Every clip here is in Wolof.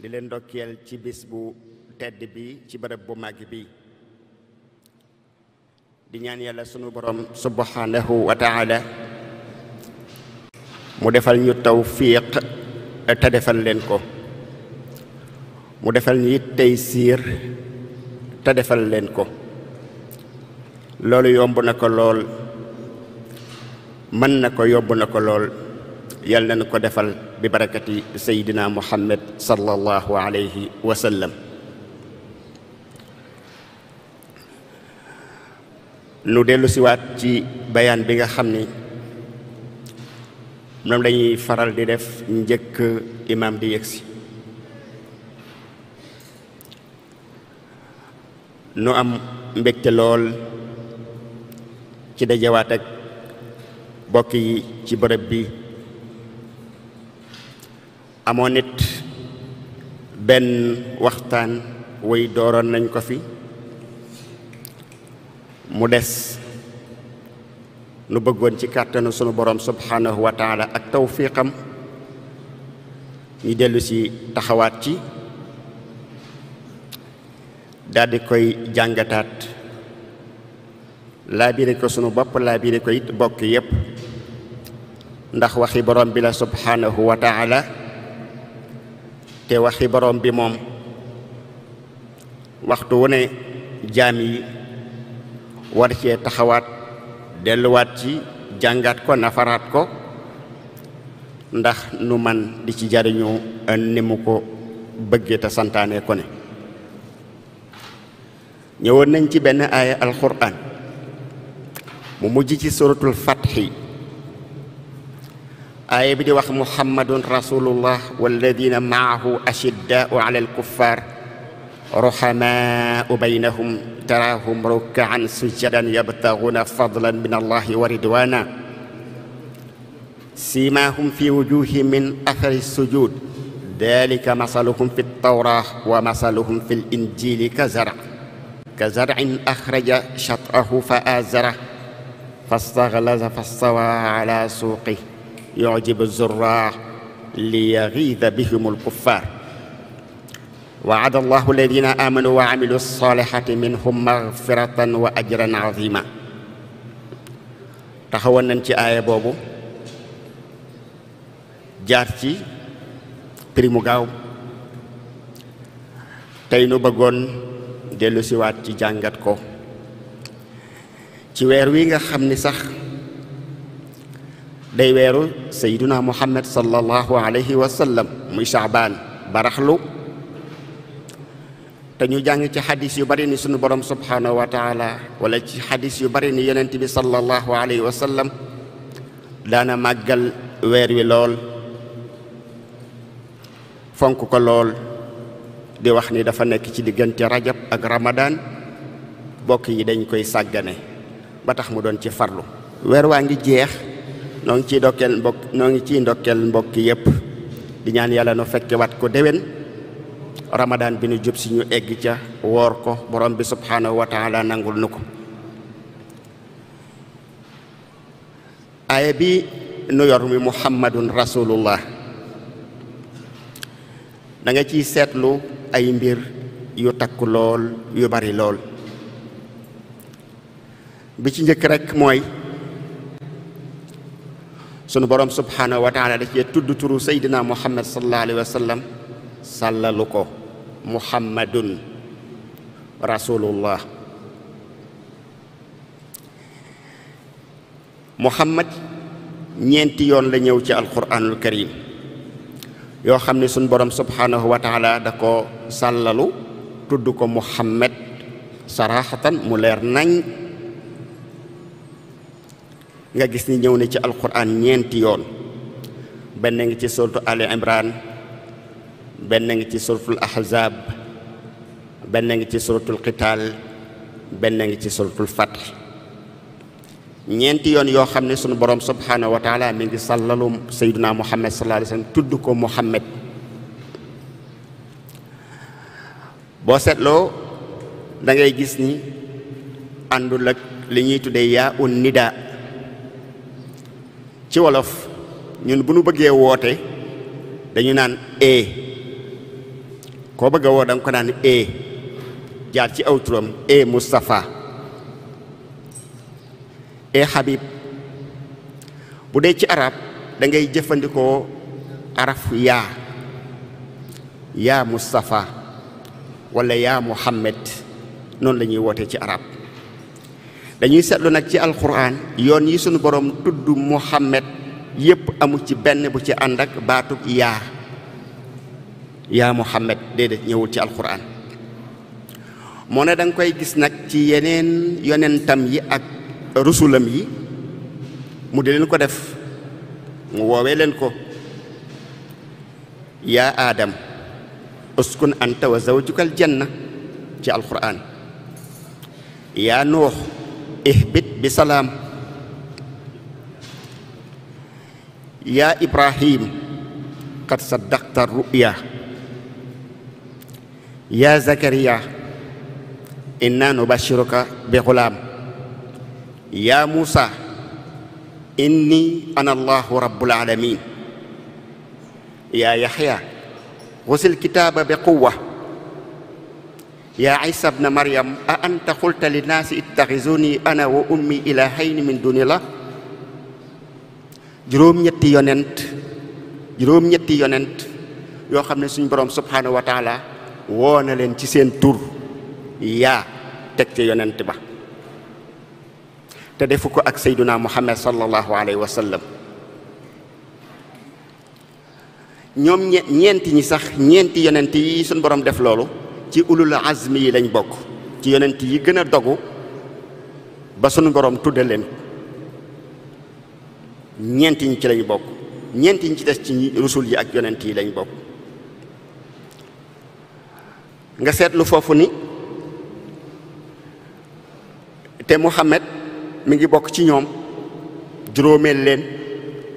di leen ndokkeel ci bis bu tedd bi ci bërëb bu màgg bi di ñaan yàlla sunu borom subhanahu wa taala mu defal ñu tawfiq te defal leen ko mu defal ñu it tey siir te defal leen ko loolu yomb na ko lool mën na ko yomb na ko lool yàlla na ko defal bi barakati seydina muhammad sallallahu alayhi wa sallam nu dellu ci bayaan bi nga xam ni moom lañuy faral di def njëkk imaam di si nu am mbégte lool ci dajawaat ak bokk yi ci bërëb bi amoon it benn waxtaan way dooroon nañ ko fi mu des nu bëggoon ci kàttanu sunu borom subhanahu wa taala ak tawfiqam ñu dellusi taxawaat ci daldi koy jàngataat laabire ko sunu bopp laabire ko it bokk yépp ndax waxi borom bi la subhanahu wa te waxi borom bi moom waxtu wu ne jaam yi war cee taxawaat delluwaat ci jàngaat ko nafaraat ko ndax nu man di ci jariñu ni mu ko bëggeta santaane ko ne ñëwoon nañ ci benn aaya alquran mu mujj ci suratul fatxi aaya bi di wax muhammadun rasulullah walladina maahu ashiddaau ala alkuffar ruhamaau baynahum taraahum rukkaan sujjadan yabtaguuna fadlan min allahi wa ridwana siimaahum fi wujuhihim min athari sujud dalika masaluhum fi ltawra wa masaluhum fi linjili ka zar ka zarin axraja chat'ahu fa azara fastaxlaza fastawa ala suuqi yujibu zurraa liyaxiida bihim alkuffaar waada allahu alladina amanu wa amilu salihati minhum magfiratan wa ajran azima taxawoon nañ ci aaya boobu jaar ci prix mu gaaw tey nu bëggoon dellusiwaat ci jàngat ko wi nga xam ni sax day weeru sayduna muhammad sallallahu alayhi wa sallam muy shaabaan baraxlu te ñu jàng ci xadis yu bari ni suñu borom subhanahu wa taala wala ci xadis yu bari ni yonent bi sallallahu alayhi wa sallam daana màggal weer wi lool fonk ko lool di wax ni dafa nekk ci diggante rajab ak ramadan bokk yi dañ koy sàggane ba tax mu doon ci farlu weer waa ngi jeex noo ngi ciy ndokkeel mbokk noo ngi ciy ndokkeel mbokk yëpp di ñaan yàlla nu fekke wat ko déwén ramadaan bi nu jub si ñu egg ca woor ko borom bi subhanahu nangul nu ko aaya bi nu yor mi muhammadun rasulullah danga ciy seetlu ay mbir yu takk lool yu bari lool bi ci njëkk rekk mooy sunu borom subhanahu wa taala da cee tudd turu saydina muhammad sallallahu alayhi wa sallam sàllalu ko muhammadun rasulullah muhammad ñeenti yoon la ñëw ci alquranul karim yoo xam ne sunu borom subhanahu wa taala da ko sàllalu tudd ko muhammad saraxatan mu leer nañ nga gis ni ñëw na ci alquran ñeenti yoon benn ngi ci suratu ali imran benn ngi ci suratul ahzab benn ngi ci suratul qital benn ngi ci suratul fat ñeenti yoon yoo xam ne sunu borom subhanahu wa taala mi ngi sallalu sayyiduna muhammad sallallahu alayhi wa tudd ko muhammad boo seetloo da gis ni àndul ak li ñuy tuddee yaa un nida ci wolof ñun bu nu bëggee woote dañu naan e koo bëgg woo da nga ko naan a e. jaar ci aw turam e Moustapha e bu dee ci arab da ngay jëfandikoo araf yaa yaa Moustapha wala yaa Muhammad noonu la ñuy wootee ci arab dañuy seetlu nag ci alquran yoon yi sunu boroom tudd Muhammad yépp amu ci benn bu ci ànd ak baatub yaa yaa Muhammad déedéet ñëwul ci alquran moo ne danga koy gis nag ci yeneen yonentam yi ak rusulam yi mu di leen ko def mu woowee leen ko yaa aadam uskun anta wa zawjukal janna ci alquran yaa nuux ihbit bi salaam yaa ibrahim qad saddaqta ru'ya yaa zakariya inna nubashiruka bi gulaam yaa muusa inni ana allahu rabbul alamin yaa yaxya xusil kitaaba bi quwwa yaa isa bna maryam a anta xulta linnaasi ittaxizuni ana wa ummi ilaahayni min dunillah juróom-ñetti yonent juróom-ñetti yonent yoo xam ne suñ boroom subhaanahu wa taala woo leen ci seen tur yaa teg ci yonent ba te defu ko ak sayduna muhammad sallallahu alayhi wa sallam ñoom ñeenti ñi sax ñeenti yonent yi suñ boroom def loolu ci ulul azmi yi lañ bokk ci yonent yi gën a dogu ba sunu borom tudde leen ñeenti ci lañ bokk ñeenti ci des ci rusul yi ak yonent yi lañ bokk nga seetlu foofu ni te Muhammad mi ngi bokk ci ñoom juróomeel leen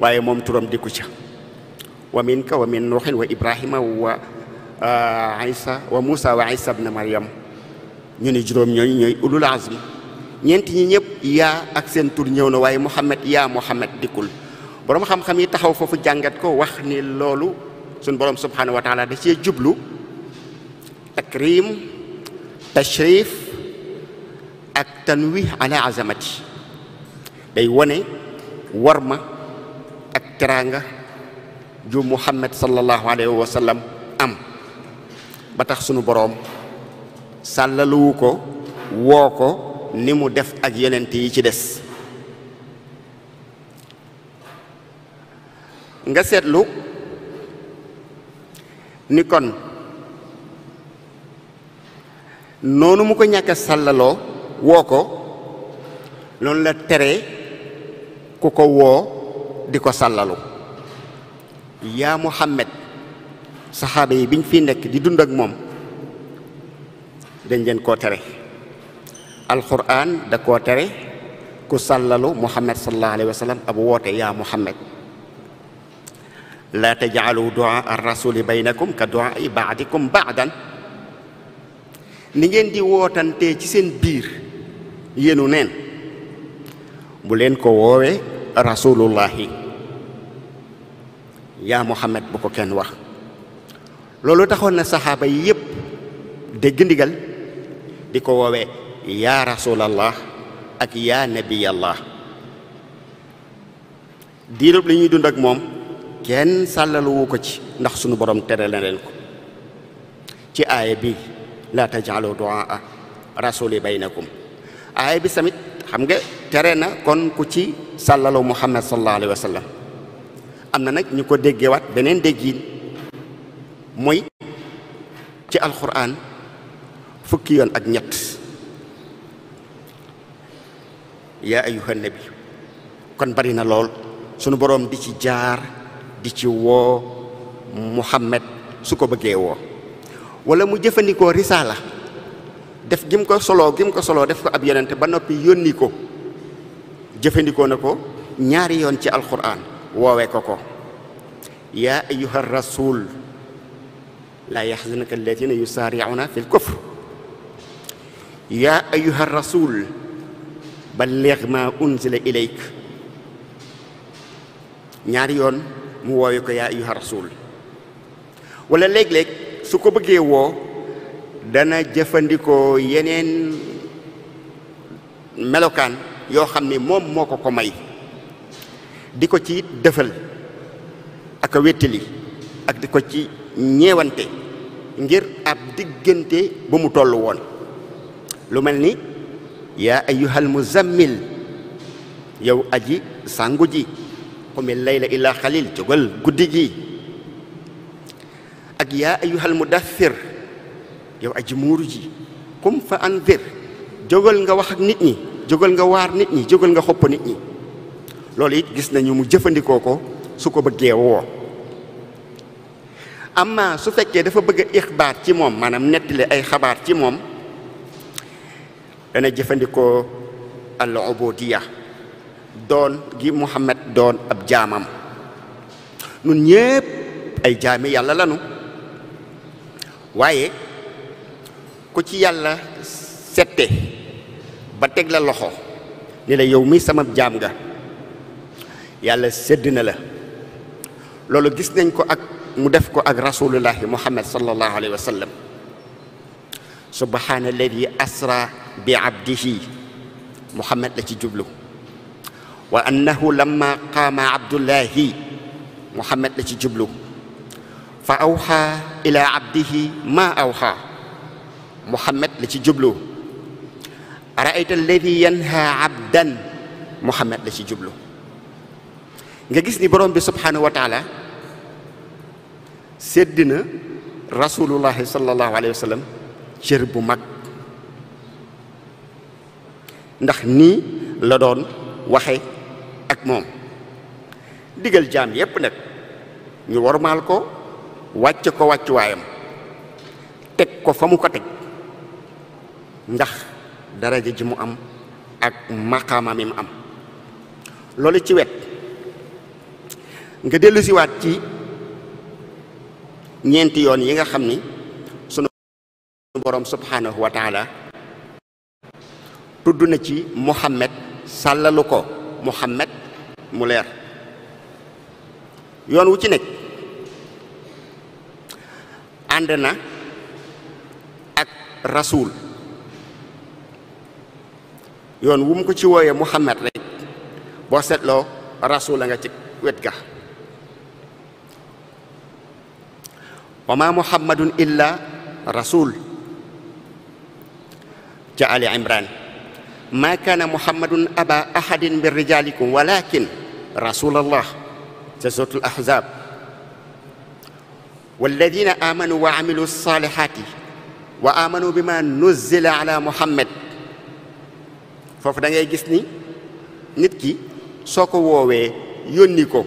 waaye moom turam di ku ca wa min ka wa min nuuxin wa ibrahima wa isa euh, wa moussa wa isa ibn mariam ñu ni juróom ñooñu ñooy ulul azmi ñeenti ñi ñëpp yaa ak seen tur ñëw na waaye Muhammad yaa Muhammad dikkul borom xam-xam yi taxaw foofu jàngat ko wax ni loolu suñ borom subhanahu wa taala da cee jublu takrim tashrif ak tanwih ala azamati day wone warma ak teraanga ju Muhammad sallallahu alayhi wa am ba tax sunu boroom sàllaluwu ko woo ko ni mu def ak yonent yi ci des nga seetlu ni kon noonu mu ko ñàkk a sàllaloo woo ko loolu la tere ku ko woo di ko sàllalu yaa Muhammad saxaaba yi biñ fi nekk di dund ak moom dañ leen ko tere alxuraan da koo tere ku sàllalu muhammad sallallahu alayhi wa ab woote yaa muhammad laa tajaalu duaa ar rasuli baynakum ka duaa i baadikum baadan ni ngeen di wootantee ci seen biir yéenu neen bu leen ko woowee rasulullahi yaa muhammad bu ko kenn wax loolu taxoon na saxaaba yi yëpp dégg ndigal di ko woowee yaa rasulallah ak yaa nabiyallah diirub li ñuy dund ak moom kenn sàllaluwu ko ci ndax sunu borom tere na leen ko ci aaya bi la tajaalu duaa rasuli baynakum aaya bi tamit xam nga tere na kon ku ci sàllalu muhammad sallallahu alayhi am na nag ñu ko déggewaat beneen déggiin mooy ci alxuraan fukki yoon ak ñett yaa ayuha nabi kon bari na lool sunu boroom di ci jaar di ci woo Muhammad su ko bëggee woo walla mu jëfandikoo risaala def gim ko soloo gim ko soloo def ko ab yonente ba noppi yónni ko jëfandikoo na ko ñaari yoon ci alxuraan woowee ko ko yaa ayuha rasul laa yu alladina yusaaricuuna fi lkufr yaa ayuha rasul balligh maa unzila ilayk ñaari yoon mu woowe ko yaa ayuha rasul walla léeg-léeg su ko bëggee woo dana jëfandikoo yeneen melokaan yoo xam ne moom moo ko ko may di ko ci dëfal ak a wéttali ak di ko ci ñeewante ngir ab diggante bu mu toll woon lu mel ni yaa ayyuhal muzammil yow aji sàngu ji xumil layla illa xalil jógal guddi gi ak yaa ayyuhal mudaththir yow aji muuru ji kum fa anzir jógal nga wax ak nit ñi jógal nga waar nit ñi jógal nga xopp nit ñi loolu it gis nañu mu jëfandikoo ko su ko bëggee woo amma su fekkee dafa bëgg a ixbaar ci moom maanaam nettali ay xabaar ci moom dana jëfandikoo al ubudiya doon gi Muhammad doon ab jaamam nun ñépp ay jaami yàlla lanu waaye ku ci yàlla sette ba teg la loxo ni la yow mi sama jaam nga yàlla sedd na la loolu gis nañ ko ak mu def ko ak rasulullahi muhammad sallallahu alayhi wa sallam subhaana alladi asra bi abdihi muhammad la ci jublu wa annahu lamma qaama abdullahi muhammad la ci jublu fa awxa ila abdihi ma awxa muhammad la ci jublu araayta alladi yanha abdan muhammad la ci jublu nga gis ni borom bi subhaanahu wa taala séddi na rasulullahi sallallahu alayhi wa sallam cër bu mag ndax nii la doon waxe ak moom digal jaam yépp nag ñu wormaal ko wàcce ko wàccuwaayam teg ko fa mu ko teg ndax daraja ji mu am ak maqaama mi mu am loolu ci wet nga dellusiwaat ci ñeenti yoon yi nga xam ni sunu borom subhanahu wa tudd na ci Muhammad sàllalu ko Muhammad mu leer yoon wu ci nekk ànd na ak rasuul yoon wu mu ko ci wooyee Muhammad rek boo seetloo rasul nga ci wet ga wa ma muhammadun illa rasul ca ali imran ma kana muhammadun aba ahadin min rijalikum walakin rasulallah ca suratul ahzab walladina amanu wa amilu salihati wa amanu bima nuzzila ala muhammad foofu da ngay gis ni nit ki soo ko woowee yónni ko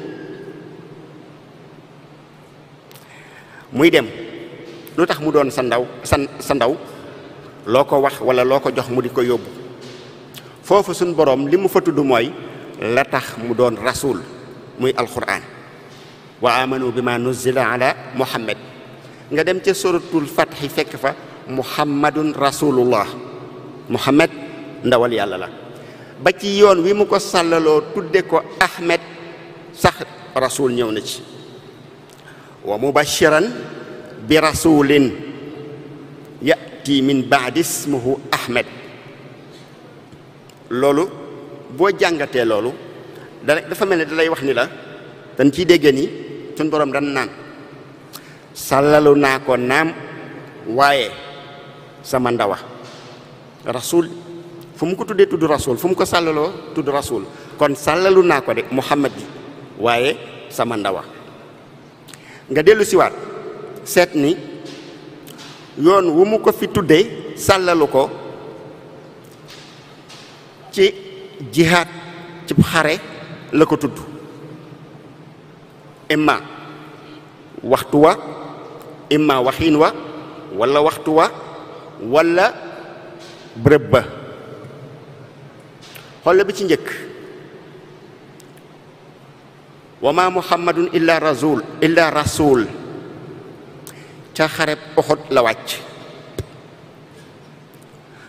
muy dem lu tax mu doon sa ndaw sa sa ndaw loo ko wax wala loo ko jox mu di ko yóbbu foofu suñ boroom li mu fa tudd mooy la tax mu doon rasul muy alquran wa amanu bima nuzila ala muhammad nga dem ca suratul fatxi fekk fa muhammadun rasulullah muhammad ndawal yàlla la ba ci yoon wi mu ko sàllaloo tudde ko ahmed sax rasul ñëw na ci wa mubashiran bi rasulin yati min baadi ismuhu ahmed loolu boo jàngatee loolu da dafa mel ne da lay wax ni la dañ ciy dégg ni suñ boroom dan naan sàllalu naa ko naam waaye sama ndawa rasuul fu mu ko tuddee tudd rasul fu mu ko sàllaloo tudd rasul kon sàllalu naa ko de muhammad bi waaye sama ndawa nga dellu siwaat seet ni yoon wu mu ko fi tuddee sàllalu ko ci jihaad cib xare la ko tudd imma waxtu wa imma waxiin wa walla waxtu wa walla bërëb ba xool bi ci njëkk wa ma illa rasul illa rasul ca xareb Uhud la wàcc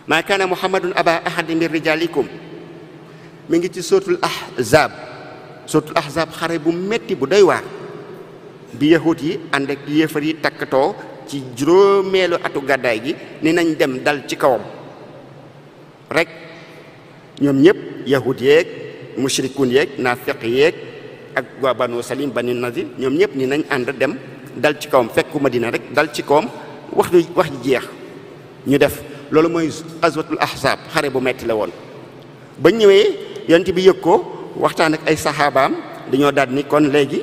ma kaana muhammadun aba ahad min rijalikum mi ngi ci sootul ahzab sootul ahzab xare bu metti bu doy waar bi yahut yi ànd ak yéefar yi takkatoo ci juróomeelu atu gàddaay gi ni nañ dem dal ci kawam rek ñoom ñëpp yahut yeeg mushrikun yeeg naafiq yeeg ak waa banu salim banu nadir ñoom ñëpp ni nañ ànd dem dal ci kawam fekku madina rek dal ci kawam wax ñu wax ji jeex ñu def loolu mooy azwatul ahzab xare bu metti la woon ba ñëwee yant bi yëg ko waxtaan ak ay saxaabaam dañoo daal ni kon léegi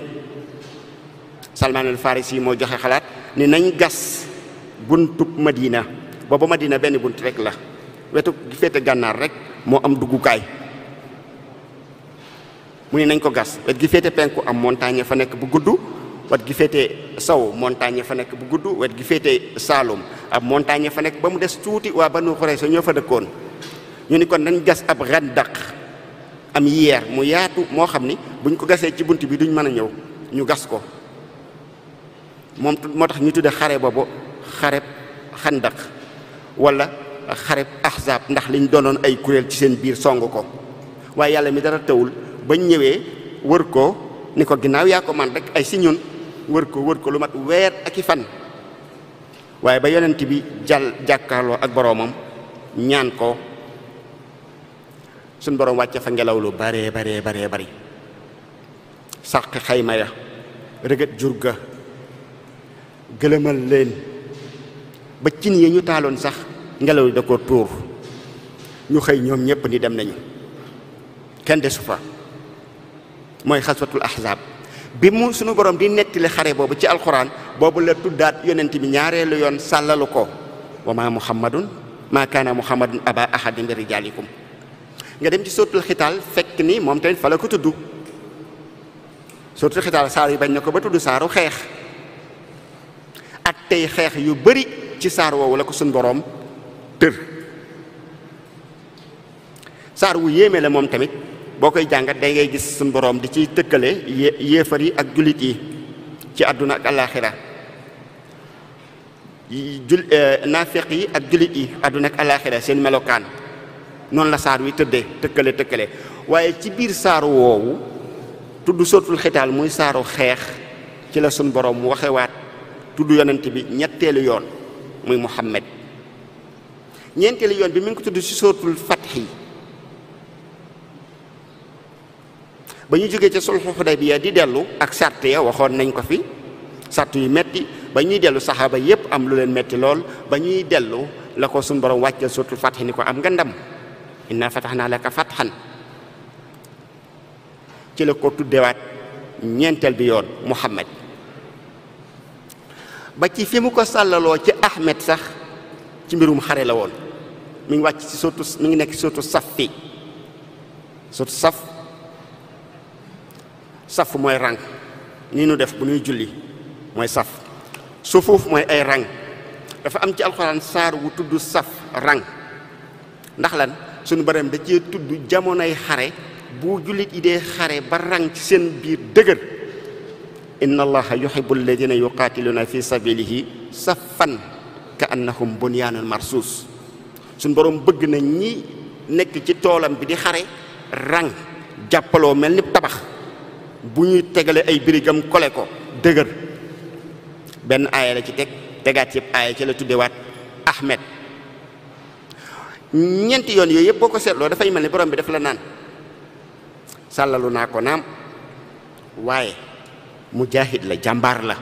Salman al Farisi moo joxe xalaat ni nañ gas buntu Madina booba Madina benn bunt rek la wetu féete gànnaar rek moo am duggukaay mu ne nañ ko gas wet gi féete penku am montagne fa nekk bu gudd wet gi féete saw montagne fa nekk bu gudd wet gi féete saalum ab montagne fa nekk ba mu des tuuti waa Banu Xurayza ñoo fa dëkkoon ñu ni kon nañ gas ab xandaq am yeer mu yaatu moo xam ni buñ ko gasee ci bunt bi duñ mën a ñëw ñu gas ko moom moo tax ñu tudde xare boobu xareb xandaq wala xareb ahzab ndax liñ doonoon ay kuréel ci seen biir song ko waaye yàlla mi dara tawul bañ ñëwee wër ko ni ko ginnaaw yaa ko man rek ay si ñun wër ko wër ko lu mat weer ak i fan waaye ba yonent bi jàll jàkkaarloo ak boroomam ñaan ko suñ boroom wàcce fa ngelaw lu baree baree baree bari sàq xayma ya rëgët jur ga gëlëmal leen ba cin yi ñu taaloon sax ngelaw li da ko tuur ñu xëy ñoom ñépp ni dem nañu kenn desu fa mooy xaswatul ahzab bi mu sunu borom di nettali xare boobu ci alquran boobu la tuddaat yonent bi ñaareelu yoon sàllalu ko wa maa muhammadun maa kaana muhammadun aba ahadin min rijalikum nga dem ci suratul xitaal fekk ni moom tamit fa la ko tudd suratul xitaal saar yi bañ na ko ba tudd saaru xeex ak tey xeex yu bari ci saar woowu la ko sunu boroom tër saar wu yéeme la moom tamit boo koy jàngat day ngay gis suñ boroom di ciy tëkkale yéefar yi ak jullit yi ci àdduna ak alaaxira jul euh, yi ak jullit yi àdduna ak alaaxira seen melokaan noonu la saar wi tëddee tëkkale tëkkale waaye ci biir saaru woowu tudd sootul xitaal muy saaru xeex ci la sun boroom waxewaat tudd yonant bi ñetteelu yoon muy Muhammad ñeenteelu yoon bi mi ngi ko tudd ci sootul fat ba ñu jógee ca sulxu Xudaybiya di dellu ak sart ya waxoon nañ ko fi sart yu metti ba ñuy dellu saxaaba yépp am lu leen metti lool ba ñuy dellu la ko suñu borom wàccal suratul Fath ni ko am nga ndam inna fatahnaa laka fathan ci la ko tuddewaat ñeenteel bi yoon Muhammad ba ci fi mu ko sàllaloo ci ahmet sax ci mbirum xare la woon mi ngi wàcc ci sootu mi ngi nekk sootu saf fi sootu saf saf mooy rang nii nu def bu ñuy julli mooy saf sufuuf mooy ay ràng dafa am ci alxuraan saar wu tudd saf rang ndax lan suñu baram da cee tudd jamonoy xare bu jullit yi dee xare ba rang ci seen biir dëgër inna allaha yuhibbu alladina yuqaatiluuna fi sabilihi saffan ka annahum bunyaanun marsuus suñu borom bëgg nañ ñi nekk ci toolam bi di xare rang jàppaloo mel ni tabax bu ñuy tegalee ay birigam kole ko dëgër benn aaya la ci teg tegaat yëpp aaya ci la tuddewaat Ahmed ñeenti yoon yooyu yëpp boo ko seetloo dafay mel ni borom bi daf la naan sàllalu naa ko naam waaye mujaahid la jàmbaar la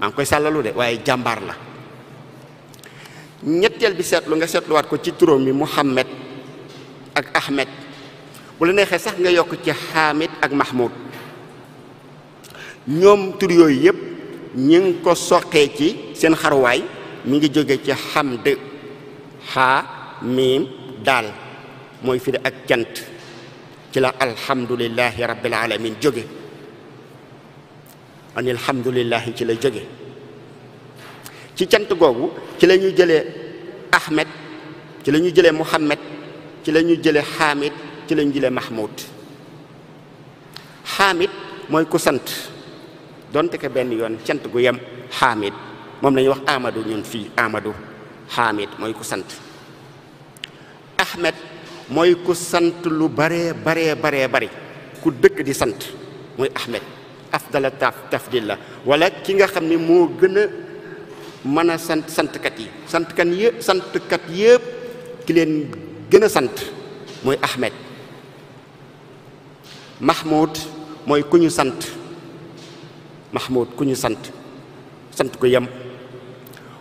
maa ngi koy sàllalu de waaye jàmbaar la ñetteel bi seetlu nga seetluwaat ko ci turam bi Muhammad ak Ahmed bu la neexee sax nga yokk ci Hamid ak Mahmoud ñoom tur yooyu yëpp ñi ngi ko soqee ci seen xarwaay mi ngi jóge ci xamd xaa miim daal mooy firi ak cant ci la alhamdulilahi rabbil alamin jóge ani alhamdulilahi ci la jóge ci cant googu ci la ñu jëlee Ahmed ci la ñu jëlee Muhammad ci la ñu jëlee Hamid ci la ñu jëlee Mahmoud Hamid mooy ku sant donte ke benn yoon cant gu yem xaamid moom la wax Amadou ñun fii Amadou xaamid mooy ku sant Ahmed mooy ku sant lu bare baree baree bari ku dëkk di sant mooy Ahmed afdala taf tafdil la wala ki nga xam ne moo gën a mën a sant santkat yi santkat yëpp santkat ki leen gën a sant mooy Ahmed Mahmoud mooy ku sant mahmoud ku ñu sant sant ku yem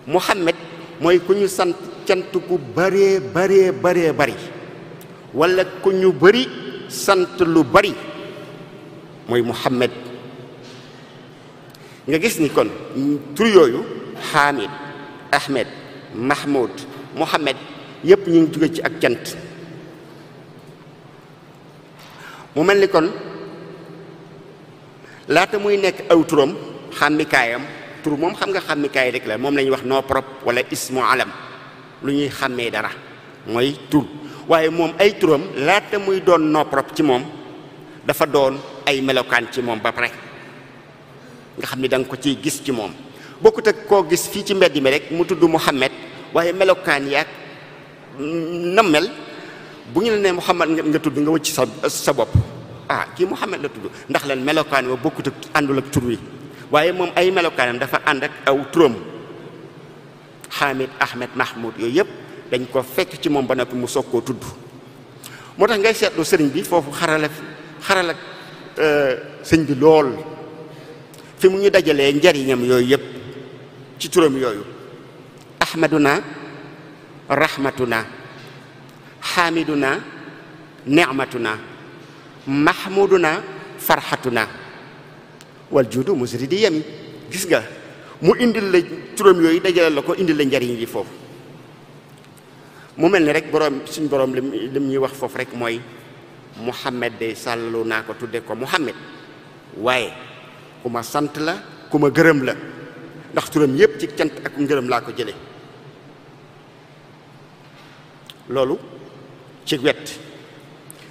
muhammad mooy ku ñu sant cant ku baree baree baree bari wala ku ñu bari sant lu bari mooy muhammad nga gis ni kon tur yooyu hamid ahmed mahmoud muhammad yépp ñu ngi jóge ci ak cant mu mel ni kon laata muy nekk aw turam xàmmikaayam tur moom xam nga xàmmikaay rek la moom la wax nom propre wala ismu alam lu ñuy xàmmee dara mooy tur waaye moom ay turam laata muy doon nom propre ci moom dafa doon ay melokaan ci moom ba pare nga xam ni danga ko ci gis ci moom bokkut ak koo gis fii ci mbedd mi rek mu tudd Muhammad waaye melokaan yaag na bu ñu la nee Muhammad nga tudd nga wëcc sa sa bopp ah kii Muhammad la tudd ndax lan melokaan wa bokkut ak àndul ak tur wi waaye moom ay melokaanam dafa ànd ak aw turam Hamid Ahmed Mahmoud yooyu yëpp dañ ko fekk ci moom ba noppi mu soog koo tudd moo tax ngay seetlu sëriñ bi foofu xarala xarala euh, sëñ bi lool fi mu ñu dajalee njariñam yooyu yëpp ci turam yooyu ahmaduna rahmatuna hamiduna ni'matuna mahmuduna farhatuna wal juudu di yami gis nga mu indil la turam yooyu dajale la ko indil la njariñ li foofu mu mel ni rek boroom suñ boroom lim lim ñuy wax foofu rek mooy Muhammad day sàllalu naa ko tuddee ko Muhammad waaye ku ma sant la ku ma gërëm la ndax turam yépp ci cant ak ngërëm laa ko jële loolu ci wet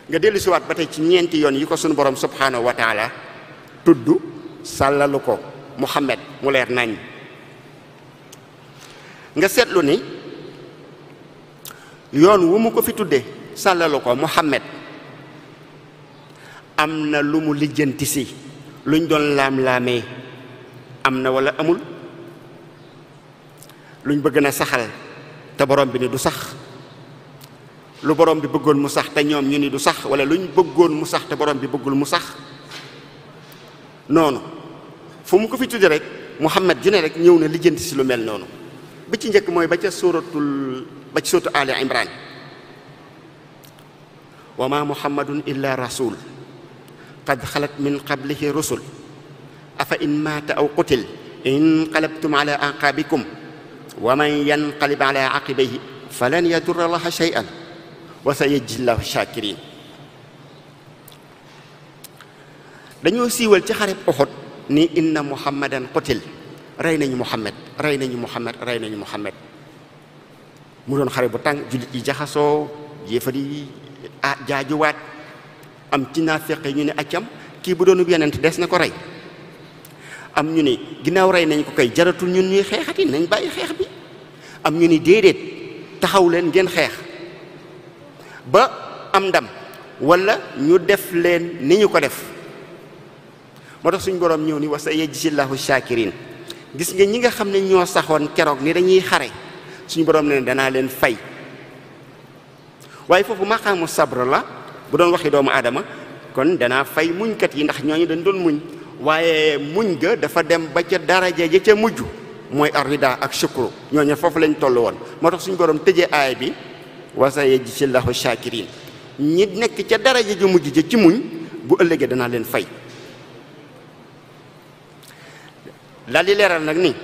nga dellu siwaat ba tey ci ñeenti yoon yi ko sunu borom subhanahu wa taala tudd sàllalu ko Muhammad mu leer nañ nga seetlu ni yoon wu mu ko fi tudde sàllalu ko Muhammad am na lu mu lijjanti si luñ doon laam-laamee am na walla amul luñ bëgg na saxal te borom bi ni du sax lu borom bi bëggoon mu sax te ñoom ñu ni du sax wala lu ñu bëggoon mu sax te borom bi bëggul mu sax noonu fu mu ko fi tudde rek Muhammad ju ne rek ñëw na lijjanti si lu mel noonu bi ci njëkk mooy ba ca suratul ba ci suratu Ali Imran wa ma muhammadun illa rasul qad xalat min qablihi rusul afa in maata aw qutil inqalabtum ala aqabikum wa man yanqalib ala aqibayhi falan yadurra allaha shay'an wa sayajzillahu shakirin dañoo siiwal ci xareb Uhud ni inna muhammadan qutil rey nañu muhammad rey nañu muhammad rey nañu muhammad mu doon xare bu tàng jullit yi jaxasoo yéefar yi ah jaajuwaat am ci naafeq ñu ne accam kii bu doonu yonent des na ko rey am ñu ni ginnaaw rey nañ ko kay jaratul ñun ñuy xeexati nañ bàyyi xeex bi am ñu ni déedéet taxaw leen ngeen xeex ba am ndam wala ñu def leen ni ñu ko def moo tax suñ boroom ñëw ni wasa yajzillahu shakirin gis nga ñi nga xam ne ñoo saxoon keroog ni dañuy xare suñu boroom ne danaa leen fay waaye foofu maqaamu sabr la bu doon waxi doomu aadama kon danaa fay muñkat yi ndax ñoo ñooñu dañ doon muñ waaye muñ ga dafa dem ba ca daraja ja ca mujj mooy arrida ak shukru ñooñu foofu lañ toll woon moo tax suñu boroom tëjee aay bi wa sayajzi llahu shakirin ñi nekk ca ja ju mujj ja ci muñ bu ëllëgee danaa leen fay daal di leeral nag ni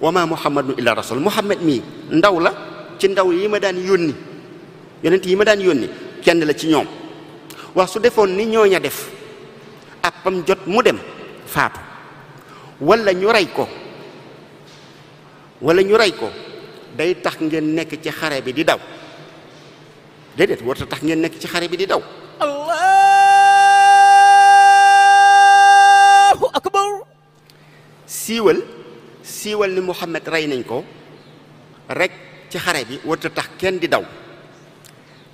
wa ma muhammadun illa rasul muhammad mii ndaw la ci ndaw yi ma daan yónni yonent yi ma daan yónni kenn la ci ñoom wax su defoon ni ñooña def àppam jot mu dem faatu wala ñu rey ko wala ñu rey ko day tax ngeen nekk ci xare bi di daw déedéet warta tax ngeen nekk ci xare bi di daw allahu siiwal siiwal ni Muhammad rey nañ ko rek ci xare bi warta tax kenn di daw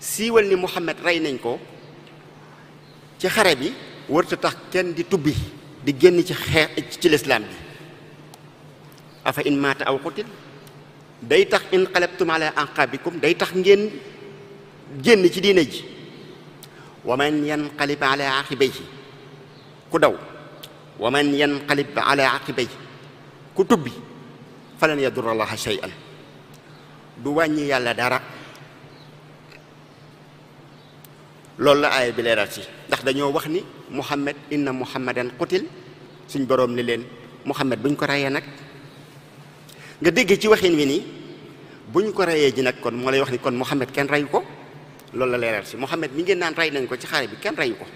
siiwal ni Muhammad rey nañ ko ci xare bi warta tax kenn di tubbi di génn ci xeex ci lislaam bi afa in maata aw xutil day tax inqalabtum ala anqabikum day tax ngeen génn ci diine ji wa man yanqalib ala aqibayhi ku daw wa man yanqalib ala aqibayhi ku tubbi falan yadur allaha shay'an du wàññi yàlla dara loolu la aaya bi si ndax dañoo wax ni muhammad inna muhammadan qutil suñ boroom ni leen muhammad buñ ko rayee nag nga dégg ci waxin wi nii bu ñu ko reyee ji nag kon moo lay wax ni kon Mouhamed kenn reyu ko lool la leeral si Mouhamed mi ngeen naan rey nañ ko ci xare bi kenn reyu ko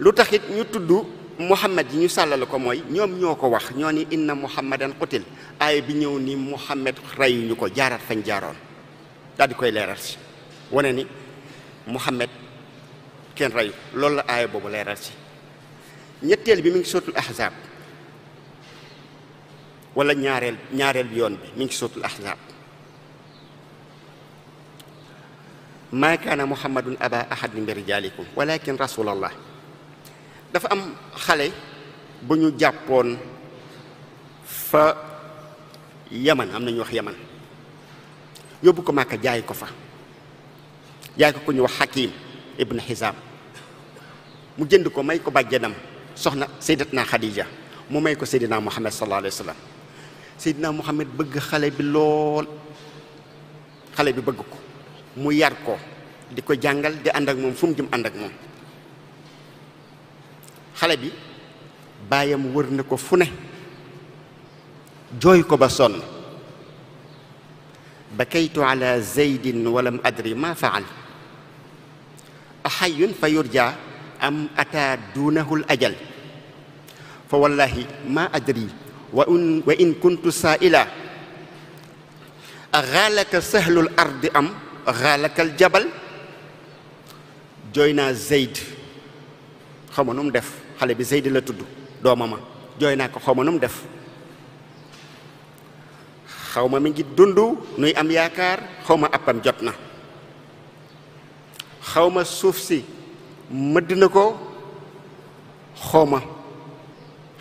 lu tax it ñu tudd Mouhamed yi ñu sàllal ko mooy ñoom ñoo ko wax ñoo ni inna Mouhamadan qutil aaya bi ñëw ni Mouhamed reyuñu ko jaaraat fañ jaaroon daal di koy leeral si wane ni Mouhamed kenn reyu loolu la aaya boobu leeral si ñetteel bi mi ngi sootul ahzab wala ñaareel ñaareel yoon bi mi ngi ci sootul ahzaab maa kaana muhammadun aba ahad min rijaalikum walakin rasulallah dafa am xale bu ñu jàppoon fa yaman am na ñu wax yaman yóbbu ko màkka jaay ko fa jaay ko ku ñu wax hakim ibn hizam mu jënd ko may ko bàjjanam soxna sayyidatna khadija mu may ko sayyidina muhammad sallallahu alayhi wa sallam Seydina Muhammad bëgg xale bi lool xale bi bëgg ko mu yar ko di ko jàngal di ànd ak moom fu mu jëm ànd ak moom xale bi baayam wër na ko fu ne jooy ko ba sonn bakaytu ala zaydin walam adri ma faal axayun fa yurja am ata duunahul ajal fa wallahi ma adri wa in wa in kuntu saa'ila xaalaka sahlul ardi am xaalakal jabal jooy naa zeyd xaw ma nu mu def xale bi zeyd la tudd dooma jooy naa ko xaw ma nu mu def xaw ma mi ngi dund nuy am yaakaar xaw ma appam jot na xaw ma suuf si mëdd na ko xawma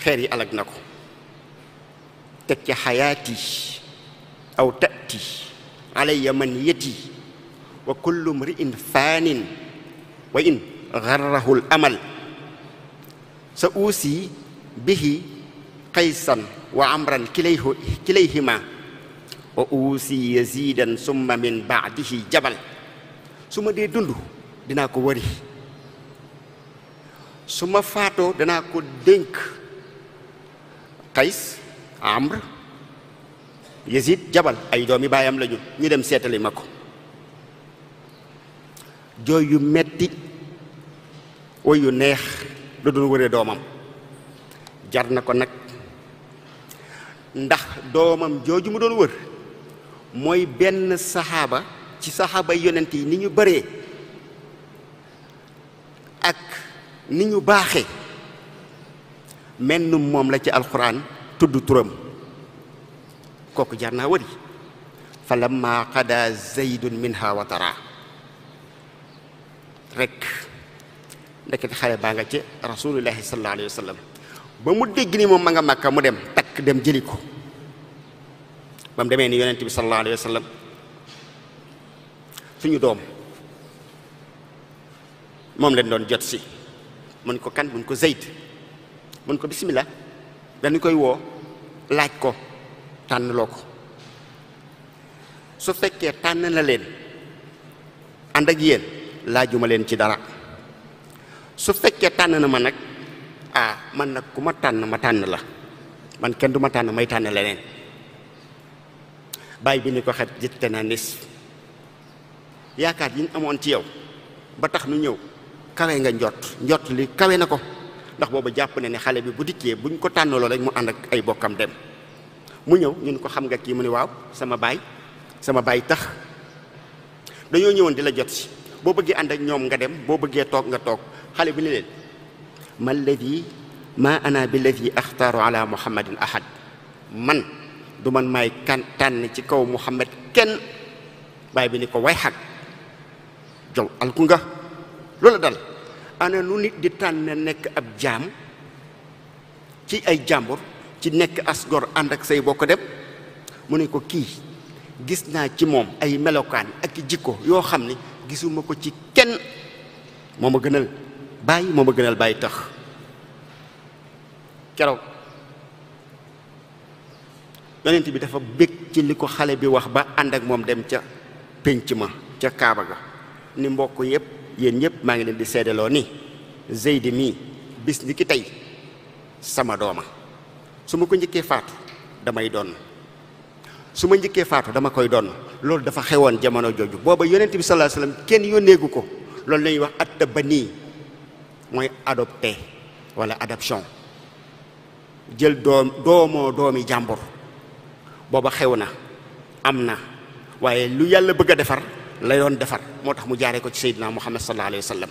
xeer yi alag na ko teg ci xayaati aw tati alayya man yati wa kullu mri'in faanin wa in garrahu l amal sa uusi bihi qaysan wa amran kilayhu kilayhima wa uusi yazidan summa min baadihi jabal su ma dee dund dinaa ko wari su ma faatoo danaa ko dénk qays amr Yazid jabal ay doomi baayam lañu ñu dem seetali ma ko jooy yu metti woy yu neex la doon wëre doomam jar na ko nag ndax doomam jooju ma doon wër mooy benn saxaaba ci saxaaba yonent yi ni ñu bëree ak ni ñu baaxe mennum moom la ci alxuraan tudd turam kooku jar naa wëri fa lamma qada zaydun minha watara rek ndekete xale baa nga ci rasulullahi sallallahu alayhi ba mu dégg ni moom ma nga màkka mu dem takk dem jëli ko ba mu demee ni yonent bi suñu doom moom lañ doon jot si mun ko kan mun ko zayd mun ko bismillah dañu koy woo laaj ko tànn loo ko su fekkee tànn na leen ànd ak yéen laajuma leen ci dara su fekkee tànn na ma nag ah man nag ku ma tànn ma tànn la man kenn du ma tànn may tànn leneen bàyyi bi ni ko xet jitte na nis yaakaar yi amoon ci yow ba tax nu ñëw kawe nga njot njot li kawe na ko ndax booba jàpp na ni xale bi bu dikkee buñ ko tànnaloo rek mu ànd ak ay bokkam dem mu ñëw ñun ko xam nga kii mu ni waaw sama baay sama baay tax dañoo ñëwoon di la jot si boo bëggee ànd ak ñoom nga dem boo bëggee toog nga toog xale bi ne leen ma alladi ma ana billadi axtaaru ala muhammadin ahad man du man maay kan tànn ci kaw muhammad kenn baay bi ni ko way xag jol alku nga loola dal ana lu nit di tànne nekk ab jaam ci ay jàmbur ci nekk as ànd ak say bokk dem mu ne ko kii gis naa ci moom ay melokaan ak jikko yoo xam ne gisuma ko ci kenn moo ma gënal bàyyi moo ma gënal bàyyi tax keroog yonent bi dafa bég ci li ko xale bi wax ba ànd ak moom dem ca pénc ma ca kaaba ga ni mbokk yépp yéen ñëpp maa ngi leen di seedaloo ni Zeydi mii bis ni tey sama dooma su ma ko njëkkee faatu damay doon su ma njëkkee faatu dama koy doon loolu dafa xewoon jamono jooju booba yonent bi sallallahu alayhi wasallam kenn yónneegu ko loolu la wax at ba nii mooy adopté wala adoption jël doom doomoo doomi jàmbur booba xew na am na waaye lu yàlla bëgg a defar la yoon defar moo tax mu jaaree ko ci seydina muhammad sallallahu alayhi wa sallam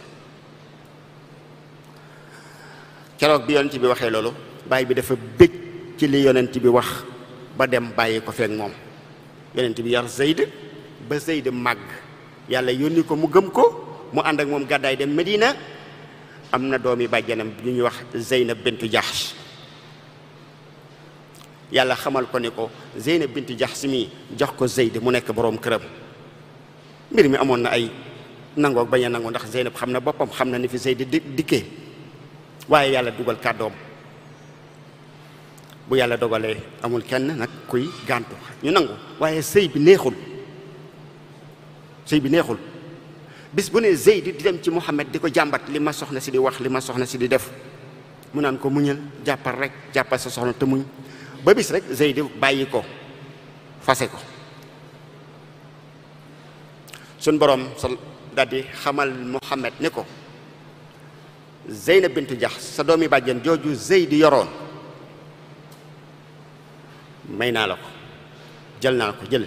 keroog bi yonent bi waxee loolu bàyyi bi dafa bég ci li yonent bi wax ba dem bàyyi ko feek moom yonent bi yar zeyd ba zeyd màgg yàlla yónni ko mu gëm ko mu ànd ak moom gàddaay dem Medina am na doomi bàjjanam ñu ñuy wax zeynab bintu jahsh yàlla xamal ko ni ko zeynab bintu jahsh mi jox ko zeyd mu nekk boroom këram mbir mi amoon na ay nangoog bañ a nangu ndax Zeynab xam na boppam xam na ni fi Zeyd di dikkee waaye yàlla dugal kàddoom bu yàlla dogalee amul kenn nag kuy gàntu ñu nangu waaye sëy bi neexul sëy bi neexul bis bu ne Zeyd di dem ci Muhammad di ko jàmbat li ma soxna si di wax li ma soxna si di def mu naan ko muñal jàppal rek jàppal sa soxna te muñ ba bis rek Zeyd bàyyi ko fase ko suñ borom sal daal di xamal Muhammad ni ko Zeynab bint Jax sa doomi bàjjen jooju Zeyd di yoroon may naa la ko jël naa ko jël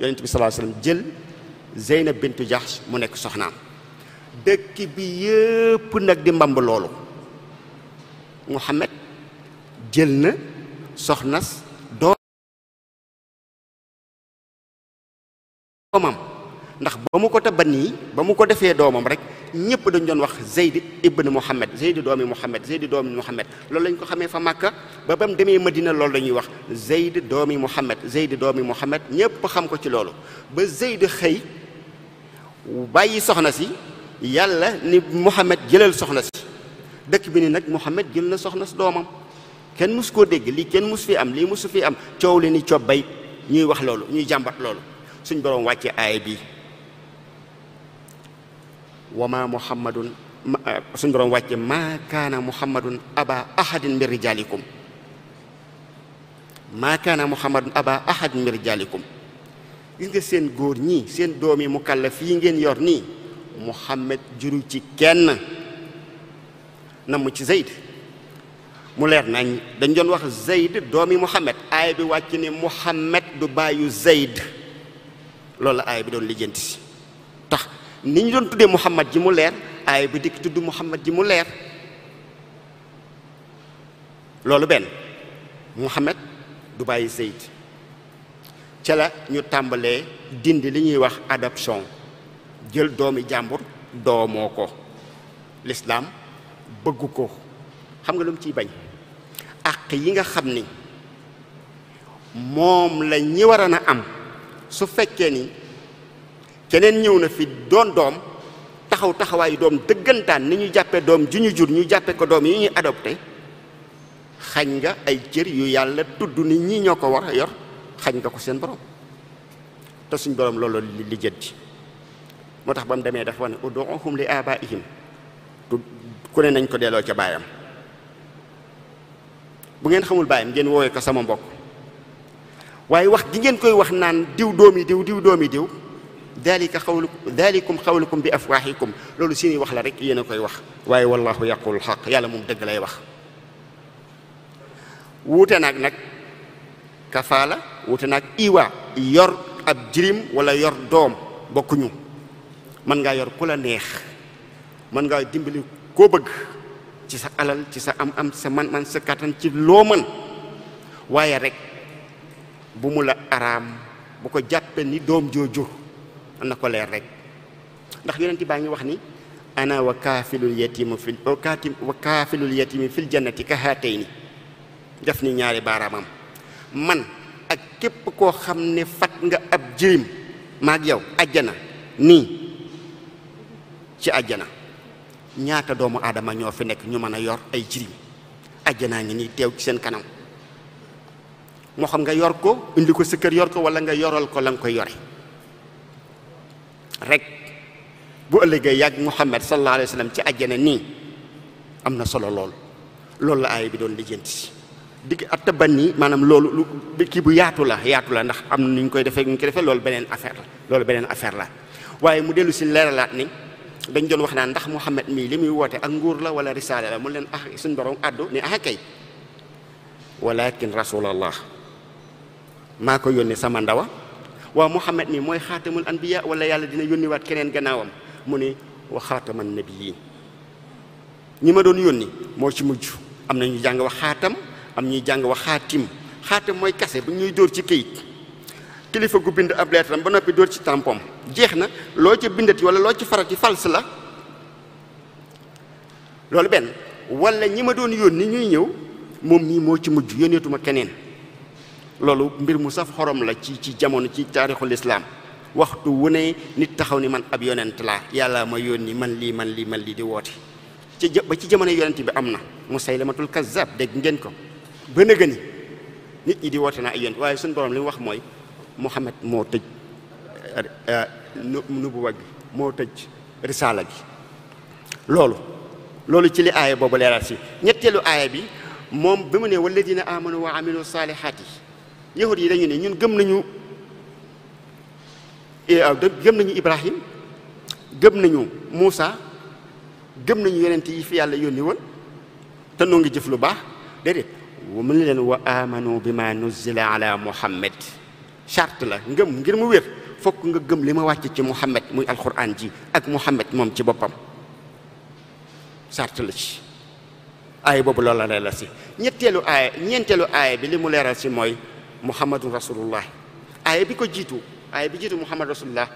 yonent bi sallallahu alayhi wasallam jël Zeynab bint Jax mu nekk soxnaam dëkk bi yëpp nag di mbamb loolu Muhammad jël na soxnas doomam ndax ba mu ko tabani ba mu ko defee doomam rek ñëpp dañu doon wax Zeyd ibn Muhammad Zeyd doomi Muhammad Zeyd doomi Muhammad loolu lañ ko xamee fa Màkka ba ba mu demee Madina loolu la ñuy wax Zeyd doomi Muhammad Zeyd doomi Muhammad ñëpp xam ko ci loolu ba Zeyd xëy bàyyi soxna si yàlla ni Muhammad jëlal soxna si dëkk bi ni nag Muhammad jël na soxna si doomam kenn mus koo dégg lii kenn mus fi am lii mosu fi am coow li ni bay ñuy wax loolu ñuy jàmbat loolu suñ boroom wàcce aaya bi wa ma muhammadun eh, suñ borom wàcce ma kaana muhammadun aba ahadin min rijalikum ma kaana muhammadun aba ahadin min nga seen góor ñi seen doom yi mu kallaf fii ngeen yor nii muhammad juru ci kenn na ci zayd mu leer nañ dañ doon wax zayd doomi muhammad aaya bi wàcc ne muhammad du bàyyu zayd loolu la aaya bi doon lijjanti si ni ñu doon tuddee Muhammad ji mu leer aaya bi dikk tudd Muhammad ji mu leer loolu benn Muhammad du bàyyi Zayd ca la ñu tàmbalee dindi li ñuy wax adoption jël doomi jàmbur doomoo ko lislaam bëgg ko xam nga lu mu ciy bañ àq yi nga xam ni moom la ñi waroon a am su fekkee ni keneen ñëw na fi doon doom taxaw taxawaayu doom dëggantaan ni ñu jàppee doom ju ñu jur ñu jàppee ko doom yi ñuy adopté xañ nga ay cër yu yàlla tudd ni ñii ñoo ko war a yor xañ nga ko seen borom te suñ borom loolu li jëddi moo tax ba mu demee dafa wax ne ud'uhum li abaihim tu ku ne nañ ko delloo ca baayam bu ngeen xamul baayam ngeen woowee ko sama mbokk waaye wax gi ngeen koy wax naan diw doomi diw diw doomi diw dalika xawlu dalikum xawlukum bi afwahikum loolu si seeni wax la rek yéen a koy wax waaye wallahu yaqulul xaq yàlla moom dëgg lay wax wuute nag nag kafaala wuute nag iwa yor ab jirim walla yor doom bokkuñu mën ngaa yor ku la neex mën ngaa dimbali koo bëgg ci sa alal ci sa am am sa man man sa kattan ci looman waaye rek bu mu la araam bu ko jàppe ni doom joojur na ko leer rek ndax yonent baa ngi wax ni ana wa kaafilul yatimu fil kaati wa kaafilul yatimi fil jannati ka haatayni def ni ñaari baaraamam man ak képp koo xam ne fat nga ab jirim maag yow nii ci ajjana ñaata doomu aadama ñoo fi nekk ñu mën a yor ay jirim ajjanaa ngi nii teew ci seen kanam moo xam nga yor ko indi ko sa kër yor ko wala nga yoral ko la nga koy yore rek bu ëllëgee yàgg Muhammad sallallahu alayhi wa sallam ci àjjana nii am na solo loolu loolu la aaya bi doon lijjanti di atta banni maanaam loolu lu kii bu yaatu la yaatu la ndax am na nu koy defee nu ñu koy defee loolu beneen affaire la loolu beneen affaire la waaye mu dellu si leeralaat ni dañ doon wax naan ndax Muhammad mii li muy woote ak nguur la wala risaale la mu leen ah suñ borom addu ni ah kay walakin rasulallah maa ko yónni sama ndawa waaw Muhammad mi mooy xaatamul anbiya wala yàlla dina yónniwaat keneen gannaawam mu ne wa xaataman nabiyin ñi ma doon yónni moo ci mujj am na ñuy jàng wax am ñuy jàng wax xaatam mooy kase bu ñuy dóor ci këyit kilifa gu bind ab leetaram ba noppi dóor ci tampom jeex na loo ci bindati wala loo ci farati fals la loolu benn wala ñi ma doon yónni ñuy ñëw moom mii moo ci mujj yónneetuma keneen loolu mbir mu saf xorom la ci ci jamono ci taarixul islaam waxtu wu ne nit taxaw ni man ab yonent laa yàlla ma yónni man lii man lii man lii di woote ci ba ci jamono yonent bi am na musaylamatul kazzab dégg ngeen ko ba nëgë ni nit ñi di woote naa ay yonent waaye suñ borom li wax mooy Muhammad moo tëj euh, euh, nubuwa gi moo tëj risaala gi loolu loolu ci li aaya boobu leeral si ñetteelu aaya bi moom bi mu ne walladina amanu wa amilu saalihaati yahud yi dañu ne ñun gëm nañu eh, ah, gëm nañu Ibrahim gëm nañu Muusa gëm nañu yonent yi fi yàlla yónni woon te noo ngi jëf lu baax déedéet mu ne leen wa amanu bi ma nuzila ala muhammad charte la ngëm ngir mu wér fokk nga gëm li ma wàcc ci muhammad muy alquran ji ak muhammad moom ci boppam charte la ci aaya boobu loolu la la si ñetteelu aaya ñeenteelu aaya bi li mu leeral si mooy muhammadun rasulullah aaya bi ko jiitu aaya bi jiitu muhammad rasulullah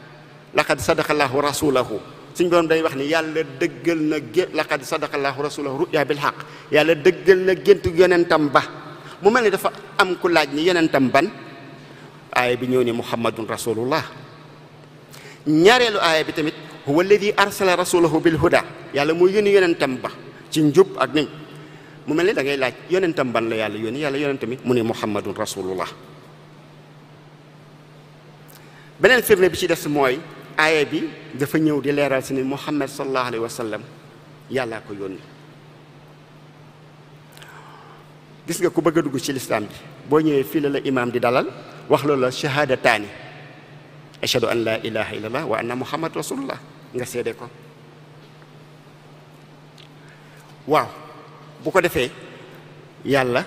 laqad sadaqallahu rasulahu suñ borom day wax ni yàlla dëggal na gé laqad sadaqallahu rasulahu ruya bil haq yàlla dëggal na géntu yonentam ba mu mel ni dafa am ku laaj ni yonentam ban aaya bi ñëw ni muhammadun rasulullah ñaareelu aaya bi tamit huwa alladi arsala rasulahu bil huda yàlla moo yónni yonentam ba ci njub ak ni mu mel ni dangay laaj yonentam ban la yàlla yónni yàlla yonentam mi mu ne muhammadun rasulullah beneen firnde bi ci des mooy aaya bi dafa ñëw di leeral si ni muhammad sallallahu alayhi wa sallam yàllaa ko yónni gis nga ku bëgg a dugg ci lislaam bi boo ñëwee fii la la imaam di dalal wax loolu la shahaadataani ashhadu an laa ilaha illallah nga seede ko waaw bu ko defee yàlla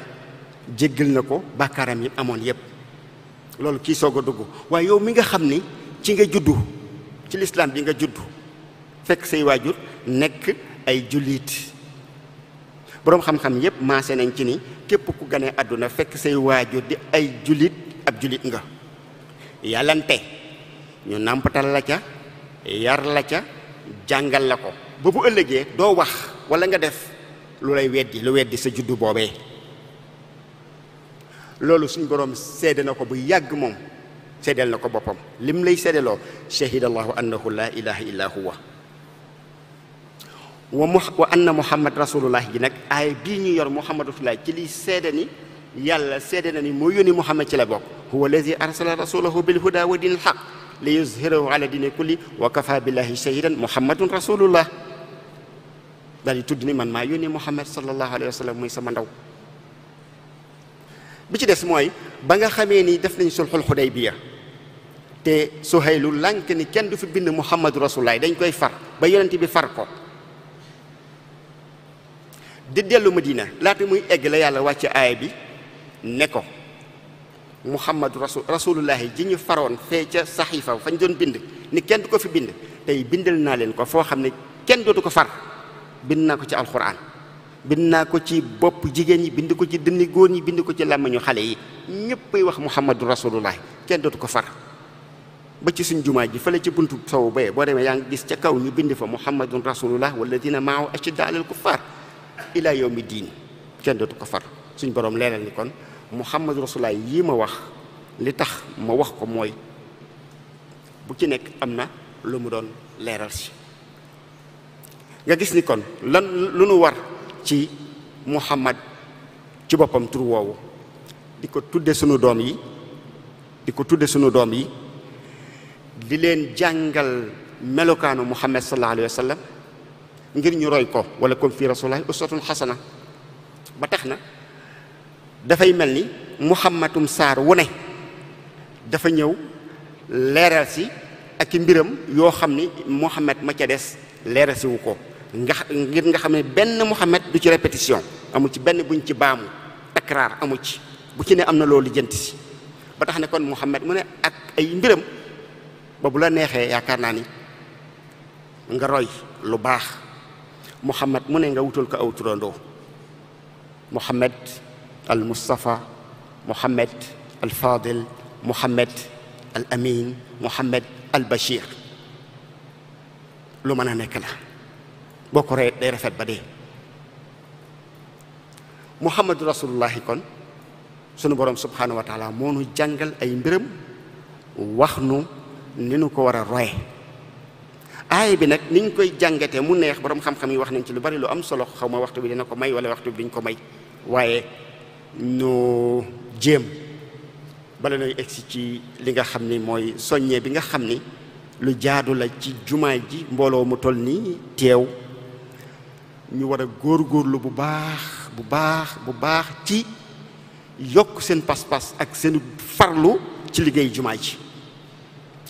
jéggal na ko bàkkaaram yi amoon yépp loolu kii soog a dugg waaye yow mi nga xam ni ci nga juddu ci lislaam bi nga juddu fekk say waajur nekk ay jullit boroom xam-xam yépp maase nañ ci ni képp ku gane àdduna fekk say waajur di ay jullit ab jullit nga yàllante ñu nàmpatal la ca yar la ca jàngal la ko ba bu ëllëgee doo wax walla nga def lu lay weddi lu weddi sa juddu boobee loolu suñ boroom seede na ko bu yàgg moom seedeel na ko boppam lim lay seedeloo shahida allahu annahu la ilaha illa huwa wa mu wa anna muhammad rasulullah ji nag aay bii ñu yor muhammad rasulullah ci liy seede ni yàlla seede na ni moo yónni muhammad ci la bokk huwa alladi arsala rasulahu bilhuda wa diin alxaq li yuzhirahu ala diine kulli wa kafa billahi shahidan muhammadun rasulullah daal di tudd ni man maa yónnee Muhammad sallallahu alayhi wa sallam muy sama ndaw bi ci des mooy ba nga xamee ni def nañ sulxul xudaybiya te Suhaylu lànk ni kenn du fi bind Muhammadu Rasulullaay dañ koy far ba bi far ko di dellu Madina laata muy egg yàlla wàcce aaya bi ne ko Muhammadu rasul rasulullahi ji ñu faroon fee ca saxiifa fañ doon bind ni kenn du ko fi bind tey bindal naa leen ko foo xam ne kenn dootu ko far bind naa ko ci alxuraan bind naa ko ci bopp jigéen ñi bind ko ci dënni góor ñi bind ko ci làmmiñu xale yi ñëppay wax muhammadu rasulullah kenn dootu ko far ba ci suñ jumaa ji fale ci buntu sowu baye boo demee yaa ngi gis ca kaw ñu bind fa muhammadun rasulullah walladina maahu ashidda alal kuffar ila yawmi diin kenn dootu ko far suñ borom leeral ni kon muhammadu rasulullah yii ma wax li tax ma wax ko mooy bu ci nekk am na lu mu doon leeral si nga gis ni kon lan lu nu war ci muhammad ci boppam tur woowu di ko tudde sunu doom yi di ko tudde sunu doom yi di leen jàngal melokaanu muhammad sallallahu alayhi wa sallam ngir ñu roy ko wala comme fii rasulullah uswatun xasana ba tax na dafay mel ni muhammadum saar wu ne dafa ñëw leeral si ak i mbiram yoo xam ni muhammad ma ca des leeral si wu ko nga ngir nga xam ne benn Muhammad du ci répétition amul ci benn buñ ci baamu takraar amu ci bu ci ne am na loolu lijjanti ci ba tax ne kon Muhammad mu ne ak ay mbiram ba bu la neexee yaakaar naa ni nga roy lu baax Muhammad mu ne nga wutal ko aw turandoo Muhammad al Mustafa Muhammad al Fadil Muhammad al Amin Muhammad al Bachir lu mën a nekk la boo ko ree day rafet ba dee muhammadu rasulullahi kon sunu borom subhanahu wa taala moo nu jàngal ay mbiram wax nu ni nu ko war a roye aaya bi nag niñ koy jàngatee mu neex borom xam-xam yi wax nañ ci lu bari lu am solo xaw ma waxtu bi dina ko may wala waxtu bi duñ ko may waaye ñu jéem bala nooy egsi ci li nga xam ni mooy soññee bi nga xam ni lu jaadu la ci jumaa ji mbooloo mu toll nii teew ñu war a góor góorlu bu baax bu baax bu baax ci yokk seen pas-pas ak seen farlu ci liggéey jumaa ji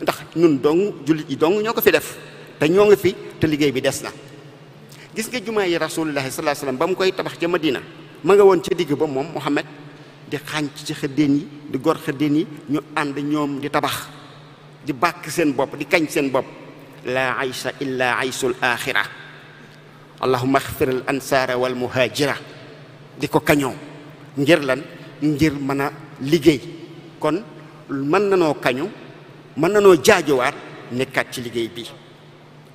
ndax ñun dong jullit yi dong ñoo ko fi def te ñoo ngi fi te liggéey bi des na gis nga jumaa yi rasuulullahi sallallahu alayhi wasallam ba mu koy tabax ca Madina ma nga woon ca digg ba moom Muhammad di xànc ci xëddéen yi di gor xëddéen yi ñu ànd ñoom di tabax di bàkk seen bopp di kañ seen bopp laa aysa illaa aysul aaxira allahuma axfir al ansaara wal muhaajira di ko kañoo ngir lan ngir mën a liggéey kon mën nanoo noo kañu mën na noo jaajowaat nekkaat ci liggéey bi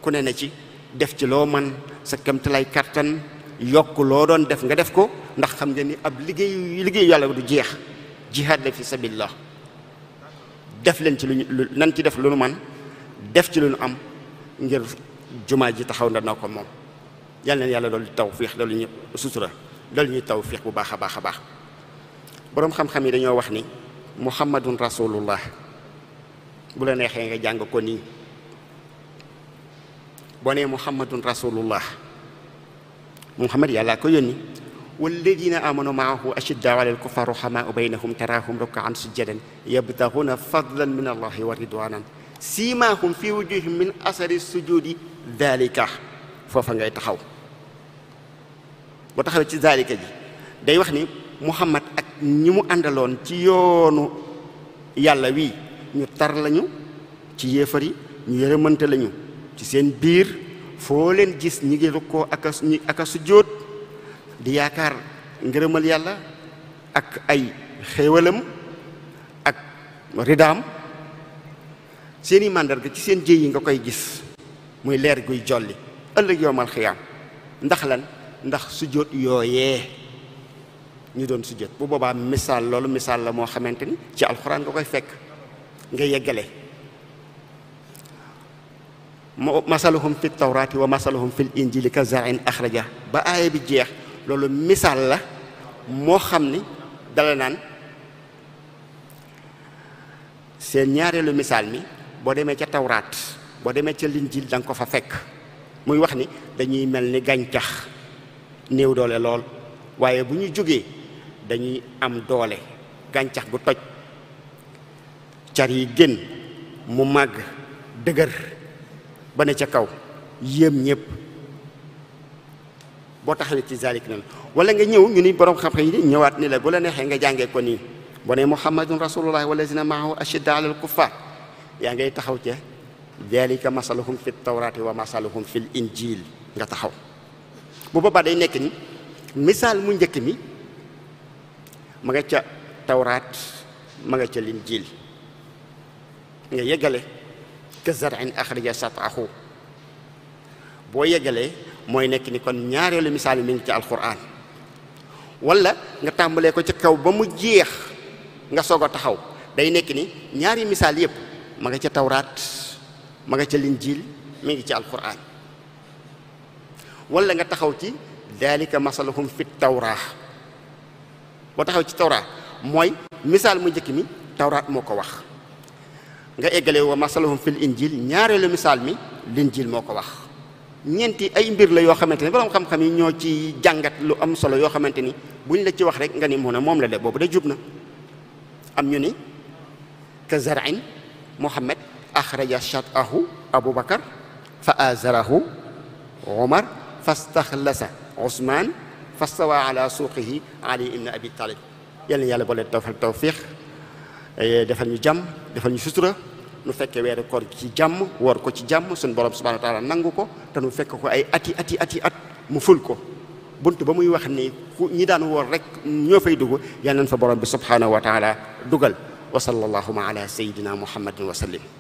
ku ne na ci def ci loo man sa kamtalay kàttan yokk loo doon def nga def ko ndax xam nga ni ab liggéey liggéey yàlla du jeex jihaad la fi sabilillah def leen ci lu nan ci def lu nu man def ci lu nu am ngir jumaa ji taxaw na noo ko moom yal na yàlla loolu tawfiix loolu ñu sutura loolu ñuy tawfiix bu baax a baax a baax boroom xam-xam yi dañoo wax ni muhammadun rasulullah bu la neexee nga jàng ko nii boo nee muhammadun rasulullah muhammad yàllaa ko yónni walladina amanu maahu ashiddaau alal kuffar ruhamaau baynahum taraahum rukkaan sujjadan yabtaxuna fadlan min allahi wa ridwanan siimaahum fi wujuhim min asari sujudi dalika foofa ngay taxaw boo taxawee ci zaalika ji day wax ni muhammad ak ñi mu àndaloon ci yoonu yàlla wii ñu tar lañu ci yéefar yi ñu yërëmante lañu ci seen biir foo leen gis ñi ngi rukkoo ak a sujjóot di yaakaar ngërëmal yàlla ak ay xéewalam ak ridaam seeni màndarga ci seen jëy yi nga koy gis muy leer guy jolli ëllëg yowmal xiyaam ndax lan ndax sujjóot yooyee ñu doon sujjóot bu boobaa misaal loolu misaal la moo xamante ni ci alxuraan nga koy fekk nga yeggale masaluhum fi tawraati wa masaluhum fil injili ka zarin axraja ba aaya bi jeex loolu misaal la moo xam ni dala naan seen ñaareelu misaal mi boo demee ca tawraat boo demee ca linjil da ko fa fekk muy wax ni dañuy mel ni gàncax néew doole lool waaye bu ñu jógee dañuy am doole gàncax gu toj car yi génn mu màgg dëgër ba ne ca kaw yéem ñëpp boo taxawee ci zalik nan wala nga ñëw ñu ni borom xam-xam yi ñëwaat ni la bu la neexee nga jàngee ko nii boo ne muhammadun rasulullah walazina maahu ashidda alal kuffar yaa ngay taxaw ca dalika masaluhum fi tawraati wa masaluhum fil injil nga taxaw bu boobaa day nekk ni misaal mu njëkk mi mu nga ca tawraat ma nga ca linjil nga yeggale ka zarin axraja sat'ahu boo yeggalee mooy nekk ni kon ñaareelu misaal mi ngi ci alquran wala nga tàmbalee ko ci kaw ba mu jeex nga soog a taxaw day nekk ni ñaari misaal yëpp ma nga ca tawraat ma nga ca linjiil mi ngi ci alquran wala nga taxaw ci dalika masalahum fi tawraa boo taxaw ci tawraa mooy misaal mu njëkk mi tawraat moo ko wax nga eggale woo masalahum fil injil ñaareelu misaal mi linjil moo ko wax ñeenti ay mbir la yoo xamante ni borom xam-xam yi ñoo ci jàngat lu am solo yoo xamante ni buñ la ci wax rek nga ni moom la de boobu de jub na am ñu ni ka zarin Muhammad axraja shatahu abu bakar fa azarahu omar fastaxlasa usman fastawa ala suuqihi ali ibn abi talib yal na yàlla boole defal tawfiq defal ñu jàmm defal ñu sutura nu fekkee weeru koor ci jàmm woor ko ci jàmm suñu borom subhanahu wa taala nangu ko te nu fekk ko ay ati ati ati at mu ful ko bunt ba muy wax ni ku ñi daan woor rek ñoo fay dugg yal nañ fa borom bi subhanahu wa taala dugal wa sallallahu ala sayidina muhammadin wa sallim